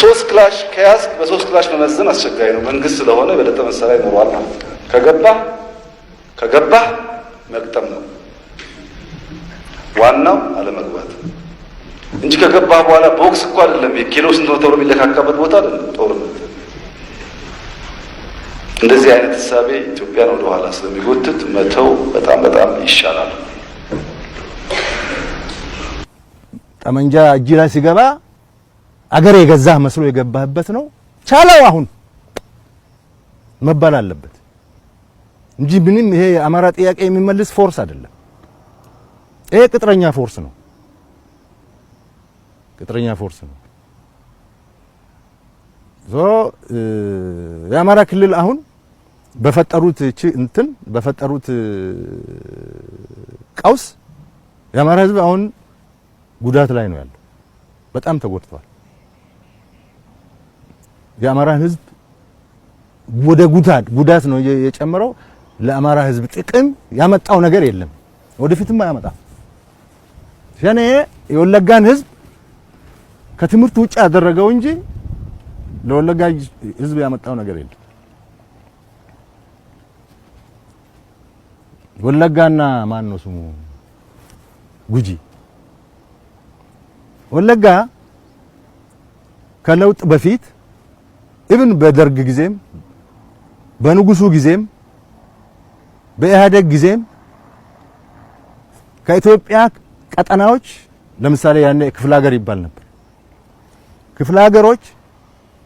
ሶስት ክላሽ ከያዝ በሶስት ክላሽ መመዘን አስቸጋሪ ነው። መንግስት ስለሆነ በለጠ መሳሪያ ይኖረዋል ማለት ነው። ከገባ ከገባ መቅጠም ነው ዋናው አለመግባት እንጂ ከገባ በኋላ ቦክስ እኮ አይደለም። የኪሎ ስንት ነው ተብሎ የሚለካካበት ቦታ አይደለም ጦርነት። እንደዚህ አይነት ሳቤ ኢትዮጵያን ወደኋላ ስለሚጎትት መተው በጣም በጣም ይሻላል። ጠመንጃ እጅ ላይ ሲገባ አገር የገዛህ መስሎ የገባህበት ነው ቻለው አሁን መባል አለበት እንጂ ምንም ይሄ የአማራ ጥያቄ የሚመልስ ፎርስ አይደለም። ይሄ ቅጥረኛ ፎርስ ነው፣ ቅጥረኛ ፎርስ ነው። ዞ የአማራ ክልል አሁን በፈጠሩት እቺ እንትን በፈጠሩት ቀውስ የአማራ ህዝብ አሁን ጉዳት ላይ ነው ያለው። በጣም ተጎድቷል። የአማራን ህዝብ ወደ ጉዳት ጉዳት ነው የጨመረው። ለአማራ ህዝብ ጥቅም ያመጣው ነገር የለም፣ ወደፊትም አያመጣም። ሸኔ የወለጋን ህዝብ ከትምህርት ውጭ ያደረገው እንጂ ለወለጋ ህዝብ ያመጣው ነገር የለም። ወለጋና ማን ነው ስሙ? ጉጂ ወለጋ ከለውጥ በፊት ኢብን በደርግ ጊዜም በንጉሱ ጊዜም በኢህአደግ ጊዜም ከኢትዮጵያ ቀጠናዎች ለምሳሌ ያኔ ክፍለ ሀገር ይባል ነበር። ክፍለ ሀገሮች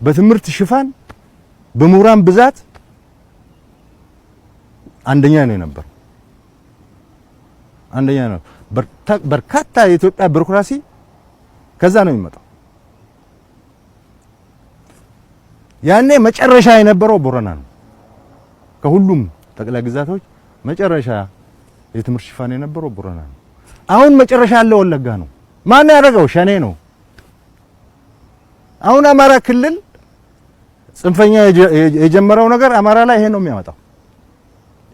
በትምህርት ሽፋን በምሁራን ብዛት አንደኛ ነው የነበር አንደኛ ነው። በርካታ የኢትዮጵያ ቢሮክራሲ ከዛ ነው የሚመጣው። ያኔ መጨረሻ የነበረው ቦረና ነው። ከሁሉም ጠቅላይ ግዛቶች መጨረሻ የትምህርት ሽፋን የነበረው ቦረና ነው። አሁን መጨረሻ ያለው ወለጋ ነው። ማን ያደረገው? ሸኔ ነው። አሁን አማራ ክልል ጽንፈኛ የጀመረው ነገር አማራ ላይ ይሄ ነው የሚያመጣው።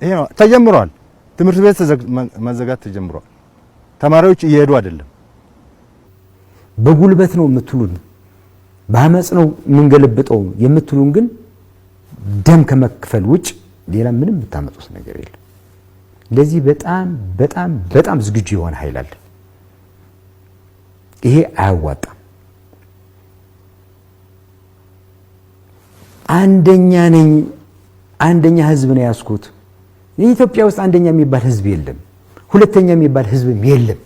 ይሄ ነው ተጀምሯል። ትምህርት ቤት መዘጋት ተጀምሯል። ተማሪዎች እየሄዱ አይደለም። በጉልበት ነው የምትሉን በአመፅ ነው የምንገለብጠው የምትሉን ግን ደም ከመክፈል ውጭ ሌላ ምንም የምታመጡት ነገር የለም። ለዚህ በጣም በጣም በጣም ዝግጁ የሆነ ኃይል አለ። ይሄ አያዋጣም። አንደኛ ነኝ አንደኛ ህዝብ ነው ያስኩት። ኢትዮጵያ ውስጥ አንደኛ የሚባል ህዝብ የለም፣ ሁለተኛ የሚባል ህዝብም የለም።